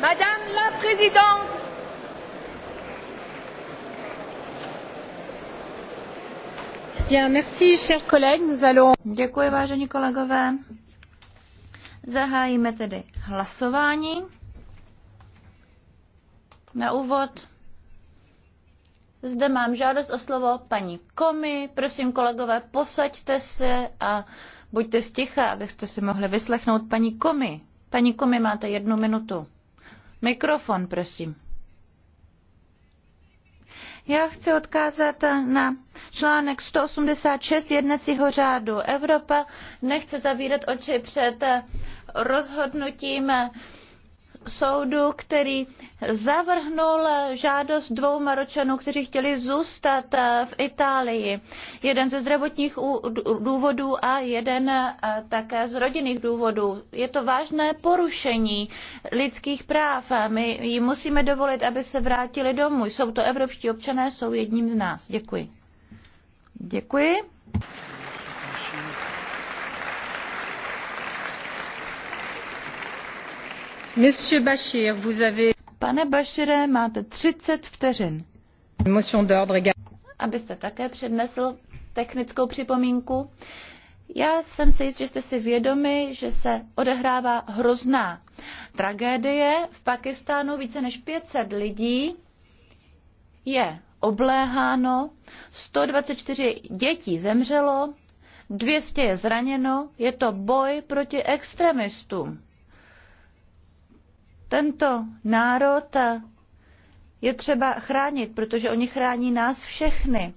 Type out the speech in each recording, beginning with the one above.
Madame la Présidente, Děkuji, vážení kolegové. Zahájíme tedy hlasování. Na úvod zde mám žádost o slovo paní Komi. Prosím, kolegové, posaďte se a buďte sticha, abyste si mohli vyslechnout paní Komi. Paní Komi, máte jednu minutu. Mikrofon, prosím. Já chci odkázat na článek 186 jednacího řádu. Evropa nechce zavírat oči před rozhodnutím soudu, který zavrhnul žádost dvou Maročanů, kteří chtěli zůstat v Itálii. Jeden ze zdravotních důvodů a jeden eh, také z rodinných důvodů. Je to vážné porušení lidských práv. My jim musíme dovolit, aby se vrátili domů. Jsou to evropští občané, jsou jedním z nás. Děkuji. Děkuji. Pane Bashire, máte 30 vteřin. Abyste také přednesl technickou připomínku. Já jsem si jist, že jste si vědomi, že se odehrává hrozná tragédie. V Pakistánu více než 500 lidí je obléháno, 124 dětí zemřelo, 200 je zraněno, je to boj proti extremistům. Tento národ je třeba chránit, protože oni chrání nás všechny.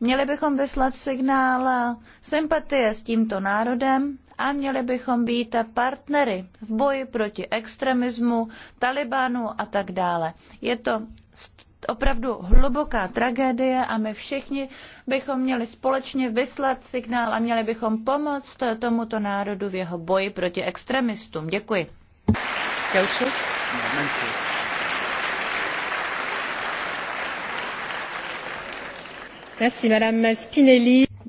Měli bychom vyslat signál sympatie s tímto národem a měli bychom být partnery v boji proti extremismu, talibánu a tak dále. Je to opravdu hluboká tragédie a my všichni bychom měli společně vyslat signál a měli bychom pomoct tomuto národu v jeho boji proti extremistům. Děkuji.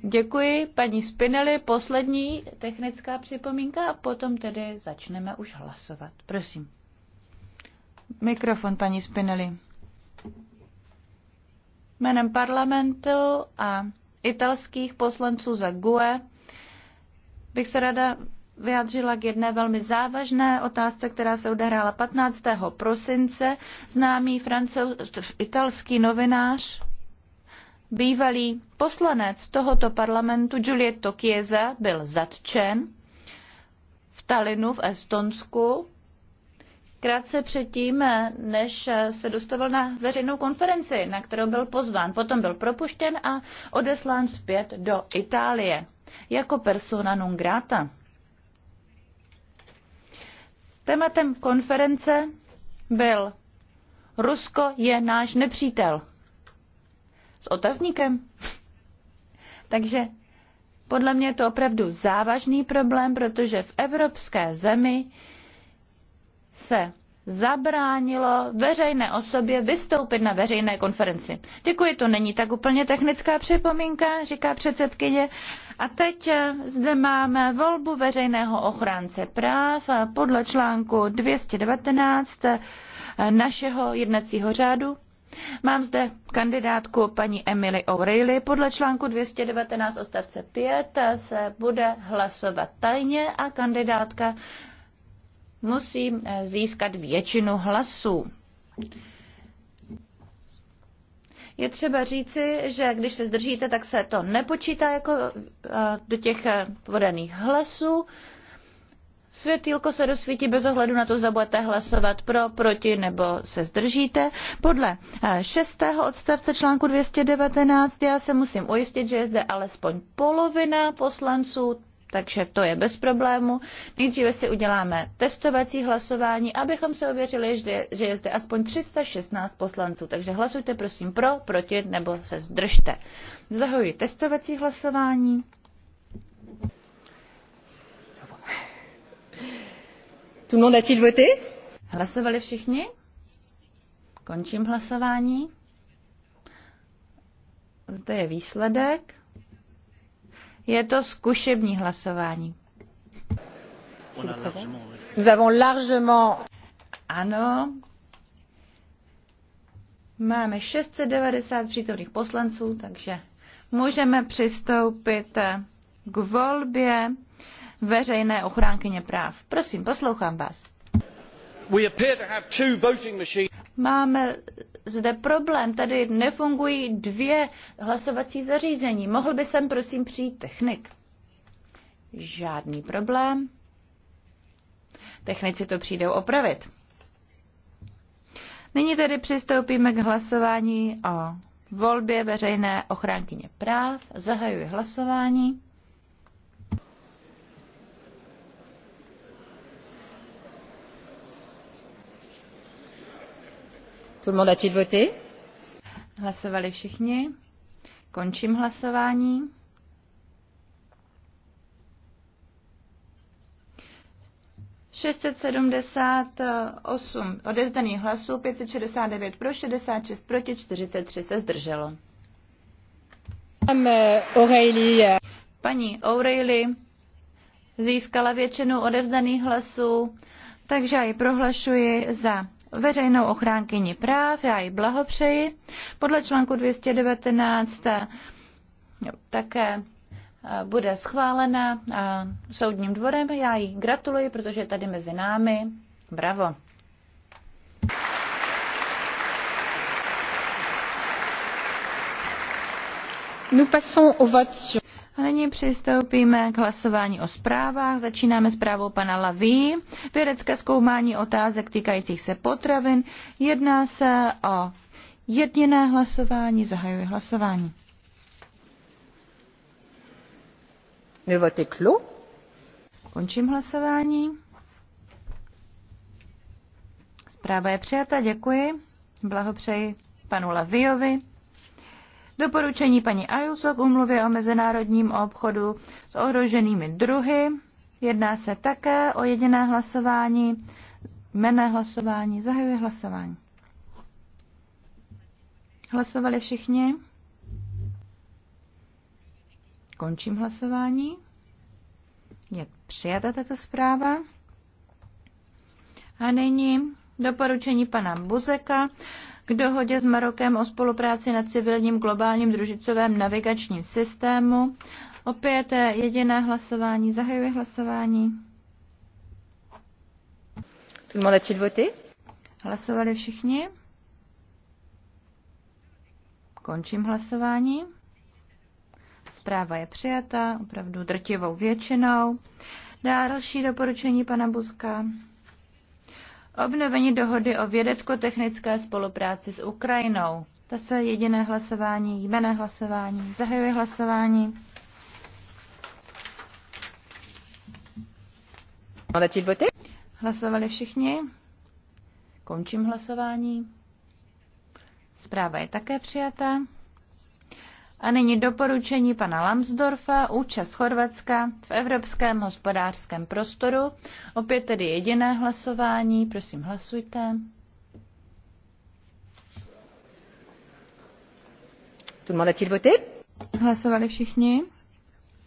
Děkuji paní Spinelli. Poslední technická připomínka a potom tedy začneme už hlasovat. Prosím. Mikrofon paní Spinelli. Jménem parlamentu a italských poslanců za GUE bych se ráda vyjádřila k jedné velmi závažné otázce, která se odehrála 15. prosince. Známý francouz, italský novinář, bývalý poslanec tohoto parlamentu Giulietto Chiesa byl zatčen v Talinu v Estonsku krátce předtím, než se dostavil na veřejnou konferenci, na kterou byl pozván. Potom byl propuštěn a odeslán zpět do Itálie jako persona non grata. Tématem konference byl Rusko je náš nepřítel. S otazníkem. Takže podle mě je to opravdu závažný problém, protože v evropské zemi se zabránilo veřejné osobě vystoupit na veřejné konferenci. Děkuji, to není tak úplně technická připomínka, říká předsedkyně. A teď eh, zde máme volbu veřejného ochránce práv podle článku 219 eh, našeho jednacího řádu. Mám zde kandidátku paní Emily O'Reilly. Podle článku 219 odstavce 5 eh, se bude hlasovat tajně a kandidátka musí eh, získat většinu hlasů. Je třeba říci, že když se zdržíte, tak se to nepočítá jako eh, do těch eh, podaných hlasů. Světýlko se dosvítí bez ohledu na to, zda budete hlasovat pro, proti nebo se zdržíte. Podle šestého odstavce článku 219 já se musím ujistit, že je zde alespoň polovina poslanců takže to je bez problému. Nejdříve si uděláme testovací hlasování, abychom se ověřili, že je zde aspoň 316 poslanců. Takže hlasujte prosím pro, proti nebo se zdržte. Zahajuji testovací hlasování. Tout le monde a-t-il voté? Hlasovali všichni? Končím hlasování. Zde je výsledek. Je to zkušební hlasování. Nous avons largement... Ano. Máme 690 přítomných poslanců, takže můžeme přistoupit k volbě veřejné ochránkyně práv. Prosím, poslouchám vás. Máme zde problém. Tady nefungují dvě hlasovací zařízení. Mohl by sem prosím přijít technik? Žádný problém. Technici to přijdou opravit. Nyní tedy přistoupíme k hlasování o volbě veřejné ochránkyně práv. Zahajuji hlasování. Tout le monde a-t-il voté? Hlasovali všichni. Končím hlasování. Šestset sedmdesát osm odevzdaných hlasů, 569 pro, 66 proti, 43 se zdrželo. Paní O'Reilly získala většinu odevzdaných hlasů, takže ji prohlašuji za veřejnou ochránkyni práv, já jí blahopřeji. Podle článku 219 také eh, bude schválena eh, soudním dvorem. Já jí gratuluji, protože je tady mezi námi. Bravo. Nous passons au vote sur a nyní přistoupíme k hlasování o zprávách. Začínáme zprávou pana Laví. Vědecké zkoumání otázek týkajících se potravin. Jedná se o jediné hlasování. Zahajuji hlasování. Končím hlasování. Zpráva je přijata, děkuji. Blahopřeji panu Laviovi. Doporučení paní Ayuso k umluvě o mezinárodním obchodu s ohroženými druhy. Jedná se také o jediné hlasování, jmené hlasování. Zahajuji hlasování. Hlasovali všichni? Končím hlasování. Je přijata tato zpráva. A nyní doporučení pana Buzeka k dohodě s Marokem o spolupráci na civilním globálním družicovém navigačním systému. Opět jediné hlasování. Zahajuji hlasování. Hlasovali všichni? Končím hlasování. Zpráva je přijata opravdu drtivou většinou. Další doporučení pana Buzka obnovení dohody o vědecko-technické spolupráci s Ukrajinou. se jediné hlasování, jmené hlasování. zahajuje hlasování. Hlasovali všichni? Končím hlasování. Zpráva je také přijata. A nyní doporučení pana Lambsdorfa, účast Chorvatska v Evropském hospodářském prostoru. Opět tedy jediné hlasování, prosím hlasujte. Hlasovali všichni?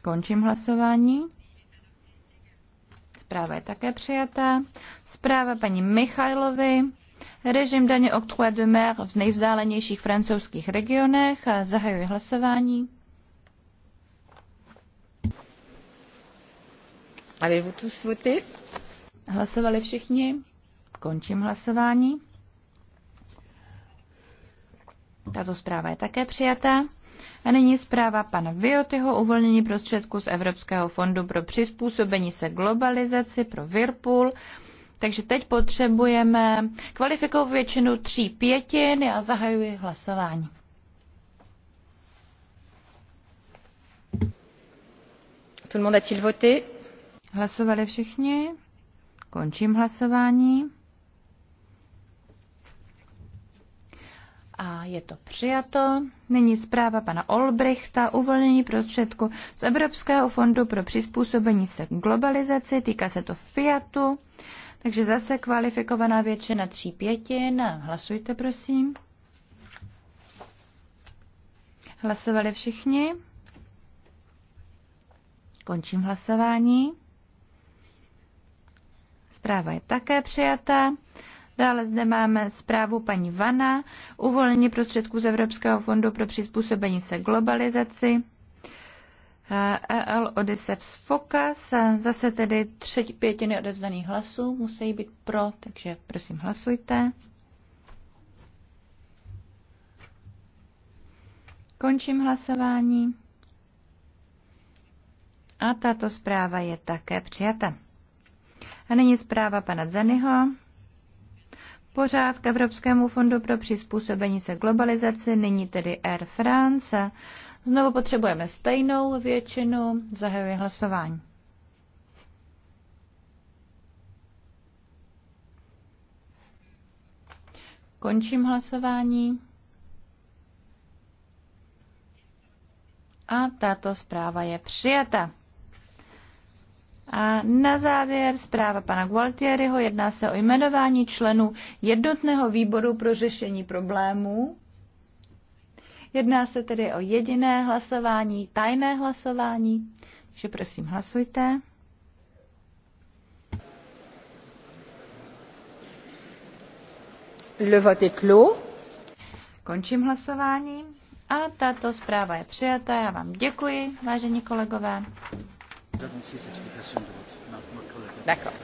Končím hlasování. Zpráva je také přijatá. Zpráva paní Michajlovi. Režim daně octroi de mer v nejvzdálenějších francouzských regionech. Zahajuji hlasování. A vous tous Hlasovali všichni? Končím hlasování. Tato zpráva je také přijatá. A nyní zpráva pana Viotyho uvolnění prostředků z Evropského fondu pro přizpůsobení se globalizaci pro Virpul. Takže teď potřebujeme kvalifikovou většinu tří pětin. Já zahajuji hlasování. Tout le monde a-t-il voté? Hlasovali všichni. Končím hlasování. a je to přijato. Nyní zpráva pana Olbrichta, uvolnění prostředku z Evropského fondu pro přizpůsobení se globalizaci, týká se to Fiatu. Takže zase kvalifikovaná většina tří pětin. Hlasujte, prosím. Hlasovali všichni? Končím hlasování. Zpráva je také přijata. Dále zde máme zprávu paní Vana, uvolnění prostředků z Evropského fondu pro přizpůsobení se globalizaci. EL Odysseus Focus. Zase tedy třetí pětiny odevzdaných hlasů musí být pro, takže prosím hlasujte. Končím hlasování. A tato zpráva je také přijata. A nyní zpráva pana Zanyho. Pořád k Evropskému fondu pro přizpůsobení se globalizaci, nyní tedy Air France. Znovu potřebujeme stejnou většinu. Zahajuji hlasování. Končím hlasování. A tato zpráva je přijata. A na závěr zpráva pana Gualtieriho jedná se o jmenování členů jednotného výboru pro řešení problémů Jedná se tedy o jediné hlasování, tajné hlasování. Takže prosím, hlasujte. Le vote est clos. Končím hlasování. A tato zpráva je přijata. Já vám děkuji, vážení kolegové. D'accord.